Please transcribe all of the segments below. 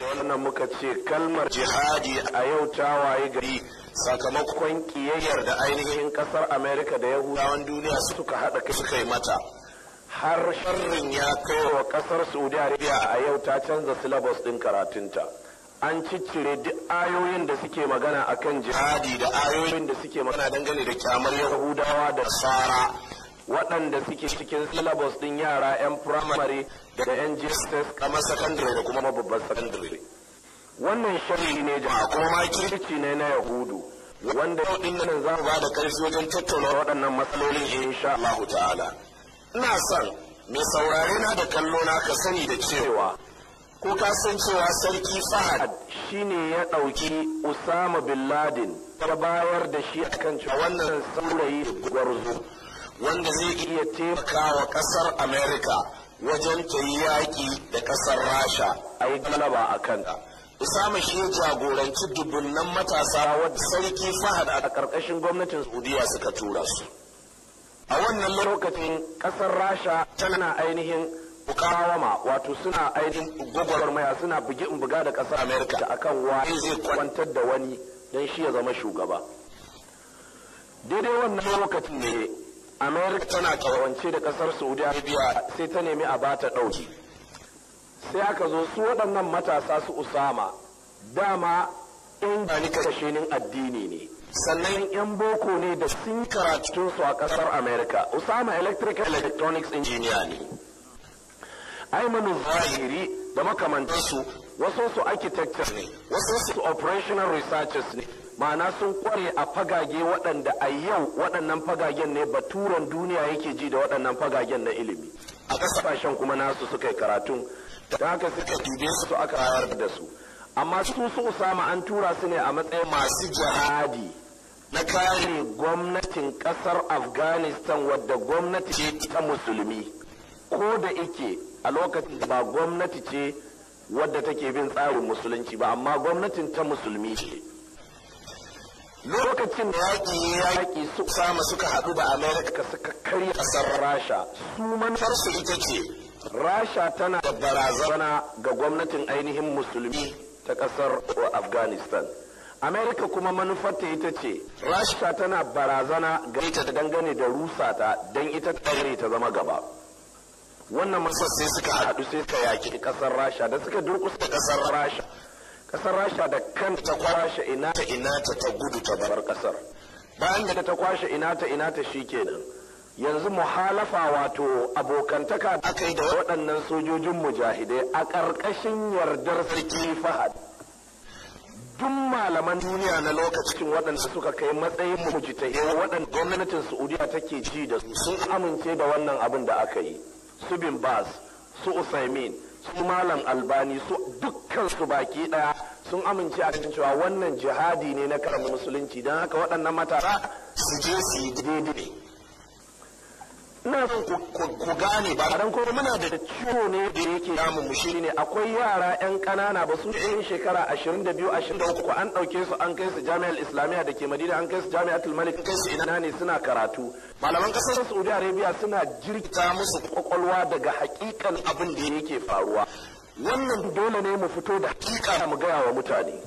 wannan muka ce kalmar jihadi a yau ta waye gari sakamakon kiyayyar da ainihin kasar amerika da yahudawan duniya suka haɗa kai suka yi mata har sharrin ya kai wa kasar saudi arabia a yau ta canza syllabus ɗin karatunta an ciccire duk ayoyin da suke magana akan jihadi da ayoyin da suke magana dangane da kyamar yahudawa da sara waɗanda suke cikin syllabus ɗin yara 'yan primary da 'yan jss kamar secondary da kuma babban secondary wannan sharii ne jama'a kuma makirci ne na yahudu wanda yau ɗin nan za mu ba da karfi wajen tattauna waɗannan matsalolin sha Allah ta'ala ina son mai saurare na da kallo na ka sani da cewa ko ka san cewa sarki Fahad shine ya ɗauki Usama bin Laden ta bayar da shi a kan cewa wannan saurayi gwarzo wanda zai iya taimaka wa ƙasar america wajen ta yi yaƙi da ƙasar rasha a yi galaba a kanta Usama shi jagoranci dubunnan matasa wadda sarki Fahad a ƙarƙashin gwamnatin Saudiya suka tura su. A wannan lokacin ƙasar Rasha tana ainihin bukawama wato suna ainihin maya, suna bugi in buga da kasar Amerika da akan wani zai kwantar da wani don shi ya zama shugaba. Daidai wannan lokacin ne america tana kawance da kasar saudi arabia sai ta nemi a bata ɗauki sai aka zo su waɗannan matasa su usama dama in ba ni kashinin addini ne sannan yan boko ne da sun karatun su a kasar america usama electrical electronics engineer ne aimanu zahiri da makamantansu wasu su architecture ne wasu su operational researchers ne ma'ana sun kware a fagage waɗanda a yau waɗannan fagagen ne turan duniya yake ji da waɗannan fagagen na ilimi a ƙasashen kuma nasu suka yi karatun da haka suka dube su aka rayar da su amma su su usama an tura su ne a matsayin masu jihadi na kare gwamnatin ƙasar afghanistan wadda gwamnati ce ta musulmi ko da ike a lokacin ba gwamnati ce wadda take bin tsarin musulunci ba amma gwamnatin ta musulmi ce lokacin da yaƙi ya yaƙi su sama suka haɗu da amerika suka karya ƙasar rasha su manufarsu ita ce rasha tana da barazana ga gwamnatin ainihin musulmi ta ƙasar afghanistan amerika kuma manufarta ita ce rasha tana barazana ga ita dangane da rusa ta don ita tsare ta zama gaba wannan masar sai suka haɗu sai suka yaƙi ƙasar rasha da suka durƙusa ƙasar rasha kasar rasha da kanta ta kwashe ina ta ina ta ta gudu ta barar kasar bayan da ta kwashe ina ta ina ta shikenan yanzu muhalafa wato abokantaka da aka yi da waɗannan sojojin mujahidai a ƙarƙashin yardar sarki fahad duk malaman duniya na lokacin waɗanda suka kai matsayin mujtahid waɗanda gwamnatin saudiya take ji da su sun amince da wannan abin da aka yi su bin bas su usaimin su malam albani su dukkan su baki ɗaya sun amince a cikin cewa wannan jihadi ne na karamin musulunci don haka waɗannan matara su je su yi daidai ina son ku gane ba dan kuma muna da ciwo ne da yake damun mu ne, akwai yara yan kanana ba su yin shekara 22 23 an dauke su an kai su jami'ar islamiyya da ke madina an kai su jami'atul malik kai su ina ne suna karatu malaman kasar saudi arabia suna jirkita musu kwakwalwa daga hakikan abin da yake faruwa wannan dole ne mu fito da hakika mu gaya wa mutane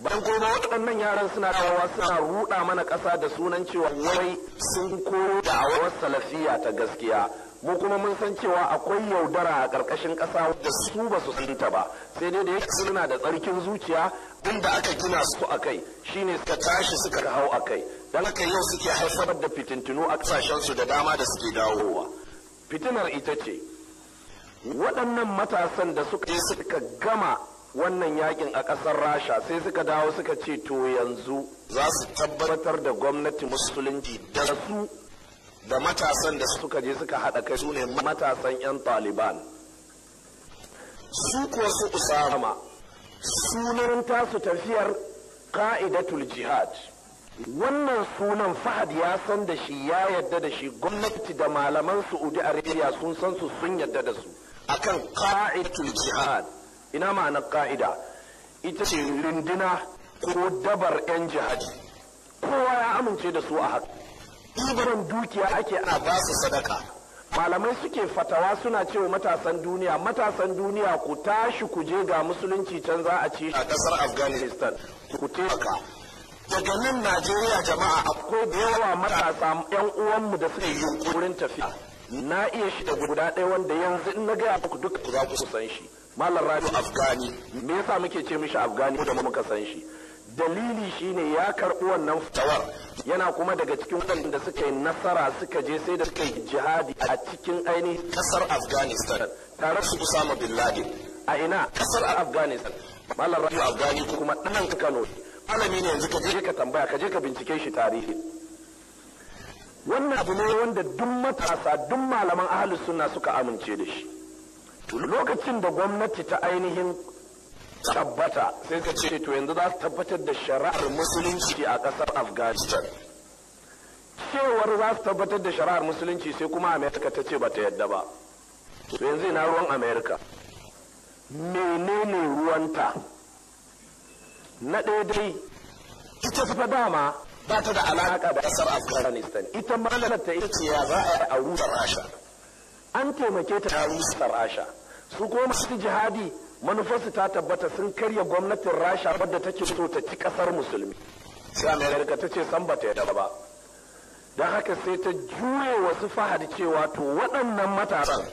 ban kuma waɗannan yaran suna rawa suna ruɗa mana ƙasa da sunan cewa wai sun koyo da awar salafiya ta gaskiya mu kuma mun san cewa akwai yaudara a ƙarƙashin ƙasa da su ba su ba sai dai da yake suna da tsarkin zuciya inda aka gina su a kai shine suka tashi suka hau a kai don haka yau suke haifar da fitintunu a ƙasashensu da dama da suke dawowa fitinar ita ce waɗannan matasan da suka je suka gama wannan yakin a ƙasar rasha sai suka dawo suka ce to yanzu za su tabbatar da gwamnati musulunci da su da matasan da suka je suka haɗa kai su ne matasan 'yan taliban su kuwa su usama sunan tasu tafiyar ka'idatul jihad wannan sunan fahad ya san da shi ya yadda da shi gwamnati da malaman Udi arabia sun san su sun yadda da su akan ka'idatul jihad ina ma'ana ka'ida ita ce rundina ko dabar yan jihadi kowa ya amince da su a haka ibaran dukiya ake a ba su sadaka malamai suke fatawa suna cewa matasan duniya matasan duniya ku tashi ku je ga musulunci can za a ci a kasar afghanistan ku taimaka daga nan najeriya jama'a akwai da yawa matasa yan uwanmu da suke wurin tafiya na iya shi da guda ɗaya wanda yanzu in na gaya muku duka za ku san shi malam rabi afghani me yasa muke ce mishi afghani da muka san shi dalili shine ya karɓi wannan fitawar, yana kuma daga cikin waɗanda suka yi nasara suka je sai da suka yi jihadi a cikin ainihin kasar afghanistan tare su ma bin laden a ina kasar afghanistan malam rabi afghani kuma ɗan kano malami ne yanzu ka je ka tambaya ka je ka bincike shi tarihi wannan abu ne wanda duk matasa duk malaman ahalus suna suka amince da shi lokacin da gwamnati ta ainihin tabbata sai ka ce to yanzu za su tabbatar da shari'ar musulunci a ƙasar afghanistan cewar za su tabbatar da shari'ar musulunci sai kuma amerika ta ce bata yadda ba to yanzu ina ruwan amerika menene ruwanta na daidai ita fa dama ba ta da alaƙa da ƙasar afghanistan ita malar ta ita ce ya za a yi a rusa rasha an taimake ta ta rusa rasha su kuma masu jihadi manufarsu ta tabbata sun karya gwamnatin rasha wadda take so ta ci ƙasar musulmi sai amerika ta ce san ba ta yarda ba don haka sai ta juye wasu fahad cewa to waɗannan matasan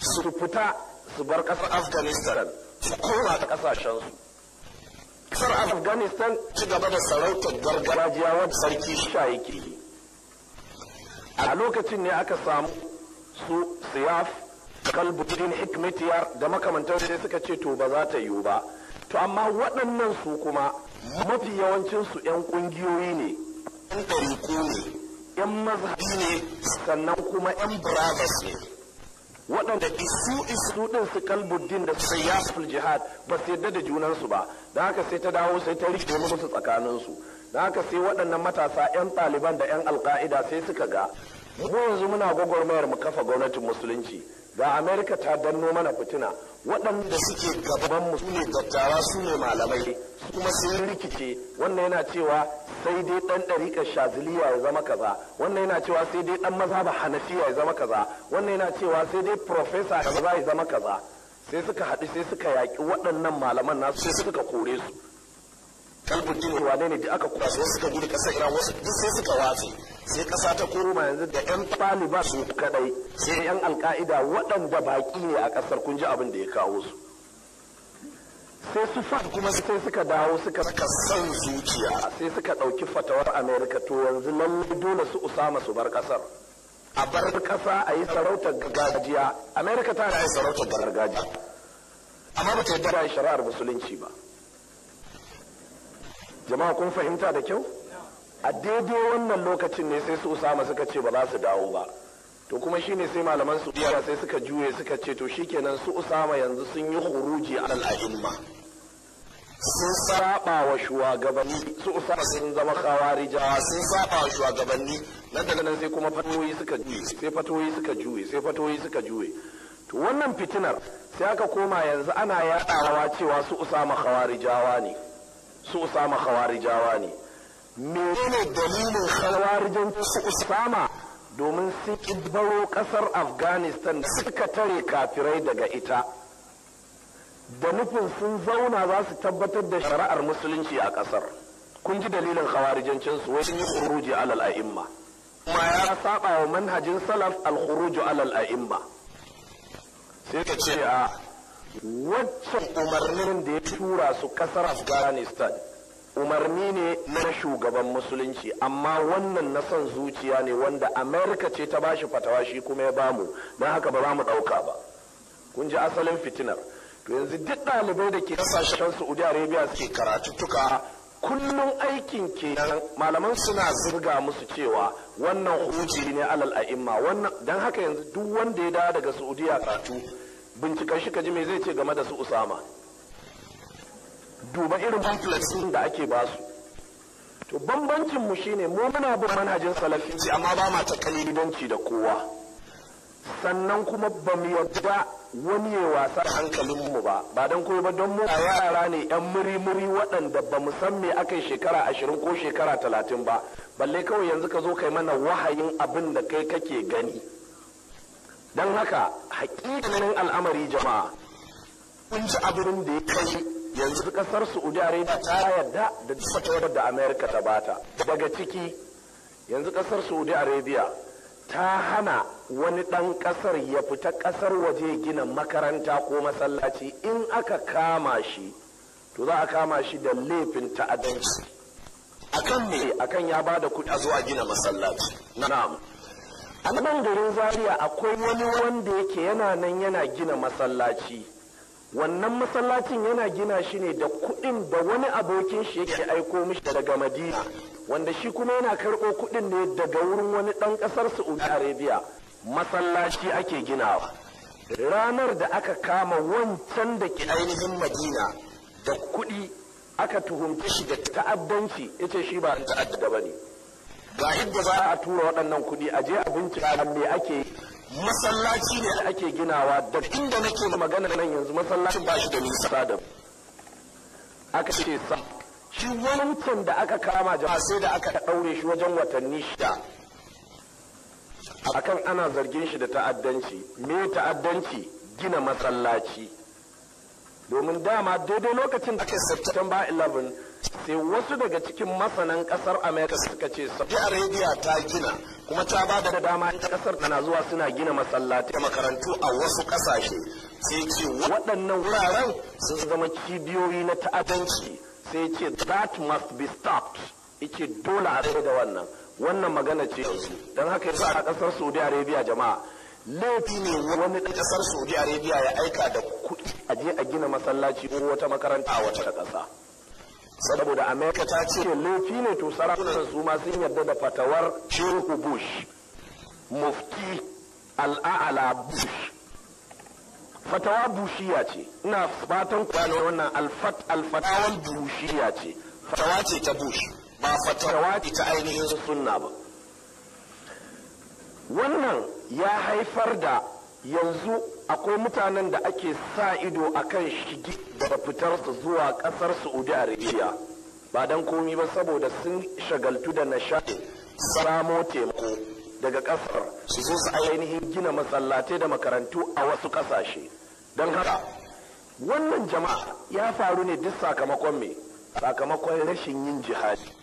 su fita su bar ƙasar afghanistan su koma ta ƙasashensu kasar afghanistan ci gaba da sarautar gargajiya wadda sarki sha yake a lokacin ne aka samu su siyaf kalbutin hikmetiyar da makamantar sai suka ce to ba za ta yiwu ba to amma waɗannan su kuma mafi yawancinsu 'yan ƙungiyoyi ne 'yan ɗariƙo ne 'yan mazhabi ne sannan kuma 'yan brothers ne waɗanda isu isu ɗin su kalbuddin da su yasul jihad ba su yadda da junansu ba da haka sai ta dawo sai ta rike musu tsakaninsu da haka sai waɗannan matasa 'yan ɗaliban da 'yan alka'ida sai suka ga mu yanzu muna gwagwarmayar mu kafa gwamnatin musulunci ga amerika ta danno mana fitina waɗanda suke gabanmu su ne dattawa su ne malamai kuma sun rikice wannan yana cewa sai dai ɗan ɗariƙar shaziliya ya zama kaza wannan yana cewa sai dai ɗan mazhaba hanafiya ya zama kaza wannan yana cewa sai dai profesa kaza ya zama kaza sai suka haɗu sai suka yaƙi waɗannan malaman nasu sai suka kore su kalbin jihar wane ne da aka kuma sai suka gudu kasar iran wasu duk sai suka watse sai kasa ta koma yanzu da yan taliban su kadai sai yan alka'ida waɗanda baƙi ne a ƙasar kun ji abin da ya kawo su sai su fa kuma sai suka dawo suka saka san zuciya sai suka ɗauki fatawar amerika to yanzu lallai dole su usama su bar kasar a bar ƙasa a yi sarautar gargajiya amerika ta yi sarautar gargajiya amma ba ta yi shari'ar musulunci ba jama'a kun fahimta da kyau a daidai wannan lokacin ne sai su usama suka ce ba za su dawo ba to kuma shine sai malaman su biya sai suka juye suka ce to shikenan su usama yanzu sun yi huruji alal a'imma sun saba wa shugabanni su usama sun zama khawarijawa sun saba wa shugabanni nan daga nan sai kuma fatoyi suka juye sai fatoyi suka juye sai fatoyi suka juye to wannan fitinar sai aka koma yanzu ana yaɗawa cewa su usama khawarijawa ne su usama khawarijawa ne menene dalilin khawarijin su usama domin su kidbaro kasar afghanistan suka tare kafirai daga ita da nufin sun zauna za su tabbatar da shari'ar musulunci a kasar kun ji dalilin khawarijancin su wani kuruji khuruji alal a'imma kuma ya saba wa manhajin salaf al khuruju alal a'imma sai ka ce a waccan umarnin da ya tura su kasar afghanistan umarni ne na shugaban musulunci amma wannan na son zuciya ne wanda amerika ce ta bashi fatawa shi kuma ya bamu don haka ba za mu ɗauka ba kun ji asalin fitinar to yanzu duk ɗalibai da ke kasashen saudi arabia suke karatuttuka kullum aikin kenan malaman suna zirga musu cewa wannan huji ne alal a'imma don haka yanzu duk wanda ya dawo daga saudiya karatu Bincikan shi ka ji me zai ce game da su usama duba irin pamphlets da ake ba su to bambancin mu shine mu muna bin manhajin salafi amma ba ma takalidanci da kowa sannan kuma ba mu yarda wani ya wasa hankalin mu ba ba dan koyi ba don mu yara ne yan muri-muri waɗanda ba mu san me akai shekara ashirin ko shekara talatin ba balle kawai yanzu ka zo kai mana wahayin abin da kai kake gani don haka hakikanin al'amari jama'a kun ji abin da ya kai yanzu kasar saudi arabia ta yarda da fatawar da america ta bata daga ciki yanzu kasar saudi arabia ta hana wani ɗan ƙasar ya fita ƙasar waje gina makaranta ko masallaci in aka kama shi to za a kama shi da laifin ta'addanci akan ne akan ya ba da kuɗi a zuwa gina masallaci na'am a nan garin zaria akwai wani wanda yake yana nan yana gina masallaci wannan masallacin yana gina shi ne da kuɗin da wani abokin shi yake aiko mishi daga madina wanda shi kuma yana karɓo kuɗin ne daga wurin wani ɗan ƙasar saudi arabia masallaci ake ginawa ranar da aka kama wancan da ke ainihin madina da kuɗi aka tuhumci shi da ta'addanci ita shi ba ta'adda ba ne ga yadda za a tura waɗannan kuɗi a je a bincika me ake masallaci ne ake ginawa da inda nake magana nan yanzu masallacin ba shi da nisa da aka ce sa shi wani mutum da aka kama jama'a sai da aka ɗaure shi wajen watanni shida kan ana zargin shi da ta'addanci me ta'addanci gina masallaci domin dama daidai lokacin da aka september 11 sai wasu daga cikin masanan kasar america suka ce saudi arabia ta gina kuma ta ba da dama ta kasar tana zuwa suna gina masallatai da makarantu a wasu kasashe sai ce waɗannan wuraren sun zama cibiyoyi na ta'addanci sai ce that must be stopped yake dole a da wannan wannan magana ce don haka yasa a kasar saudi arabia jama'a laifi ne wani kasar kasar saudi arabia ya aika da kuɗi a je a gina masallaci ko wata makaranta a wata kasa. saboda amerika ta ce laifi ne to sarakunan su ma sun yarda da fatawar shehu bush mufti al'a'ala bush fatawa bushiya ce ina fatan kwanar wannan alfat alfatawan bushiya ce fatawa ce ta bush ba fatawa ce ta ainihin sunna ba wannan ya haifar da yanzu akwai mutanen da ake sa ido a kan shigi da su zuwa ƙasar saudi arabia ba don komi ba saboda sun shagaltu da nishaɗi samo taimako daga ƙasar su zo su ainihin gina masallatai da makarantu a wasu ƙasashe don haka wannan jama'a ya faru ne duk sakamakon mai sakamakon rashin yin jihadi